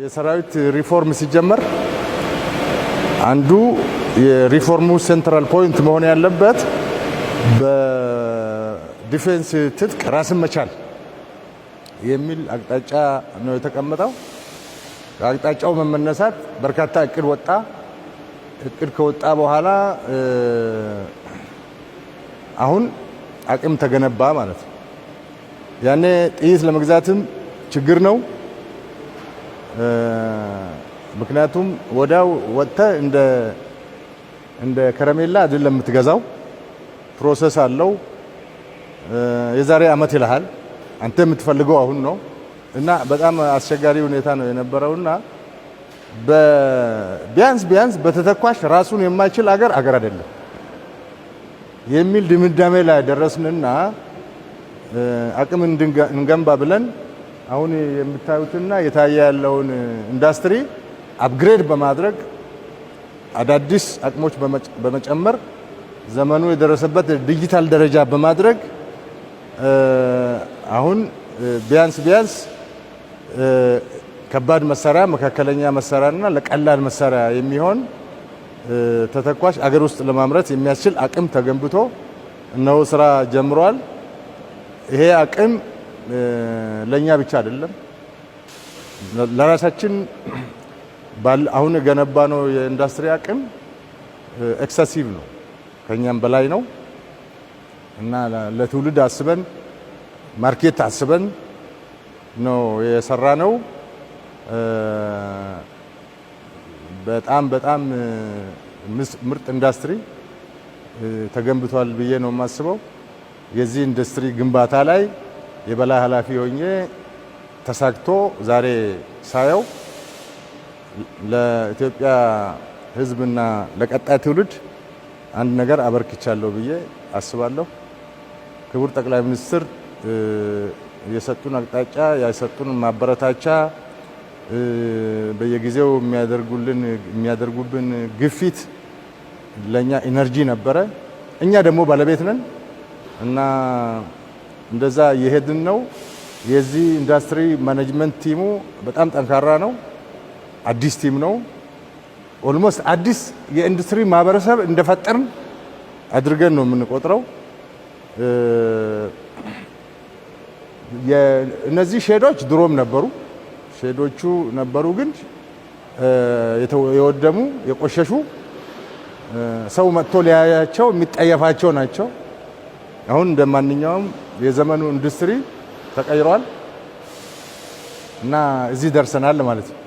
የሰራዊት ሪፎርም ሲጀመር አንዱ የሪፎርሙ ሴንትራል ፖይንት መሆን ያለበት በዲፌንስ ትጥቅ ራስን መቻል የሚል አቅጣጫ ነው የተቀመጠው። አቅጣጫው መመነሳት በርካታ እቅድ ወጣ። እቅድ ከወጣ በኋላ አሁን አቅም ተገነባ ማለት ነው። ያኔ ጥይት ለመግዛትም ችግር ነው። ምክንያቱም ወዲያው ወጥተህ እንደ እንደ ከረሜላ አይደለም የምትገዛው። ፕሮሰስ አለው። የዛሬ አመት ይልሃል። አንተ የምትፈልገው አሁን ነው እና በጣም አስቸጋሪ ሁኔታ ነው የነበረውና ቢያንስ ቢያንስ በተተኳሽ ራሱን የማይችል አገር አገር አይደለም የሚል ድምዳሜ ላይ ደረስንና አቅም እንገንባ ብለን አሁን የምታዩትና የታየ ያለውን ኢንዱስትሪ አፕግሬድ በማድረግ አዳዲስ አቅሞች በመጨመር ዘመኑ የደረሰበት ዲጂታል ደረጃ በማድረግ አሁን ቢያንስ ቢያንስ ከባድ መሳሪያ፣ መካከለኛ መሳሪያና ለቀላል መሳሪያ የሚሆን ተተኳሽ አገር ውስጥ ለማምረት የሚያስችል አቅም ተገንብቶ እነሆ ስራ ጀምሯል። ይሄ አቅም ለእኛ ብቻ አይደለም ለራሳችን አሁን የገነባ ነው የኢንዱስትሪ አቅም ኤክሰሲቭ ነው፣ ከኛም በላይ ነው እና ለትውልድ አስበን ማርኬት አስበን ነው የሰራ ነው። በጣም በጣም ምርጥ ኢንዱስትሪ ተገንብቷል ብዬ ነው የማስበው። የዚህ ኢንዱስትሪ ግንባታ ላይ የበላይ ኃላፊ ሆኜ ተሳክቶ ዛሬ ሳየው ለኢትዮጵያ ሕዝብና ለቀጣይ ትውልድ አንድ ነገር አበርክቻለሁ ብዬ አስባለሁ። ክቡር ጠቅላይ ሚኒስትር የሰጡን አቅጣጫ የሰጡን ማበረታቻ በየጊዜው የሚያደርጉልን የሚያደርጉብን ግፊት ለኛ ኢነርጂ ነበረ። እኛ ደግሞ ባለቤት ነን እና እንደዛ የሄድን ነው። የዚህ ኢንዱስትሪ ማኔጅመንት ቲሙ በጣም ጠንካራ ነው። አዲስ ቲም ነው። ኦልሞስት አዲስ የኢንዱስትሪ ማህበረሰብ እንደፈጠርን አድርገን ነው የምንቆጥረው። እነዚህ ሼዶች ድሮም ነበሩ፣ ሼዶቹ ነበሩ፣ ግን የወደሙ የቆሸሹ ሰው መጥቶ ሊያያቸው የሚጠየፋቸው ናቸው። አሁን እንደ ማንኛውም የዘመኑ ኢንዱስትሪ ተቀይሯል እና እዚህ ደርሰናል ማለት ነው።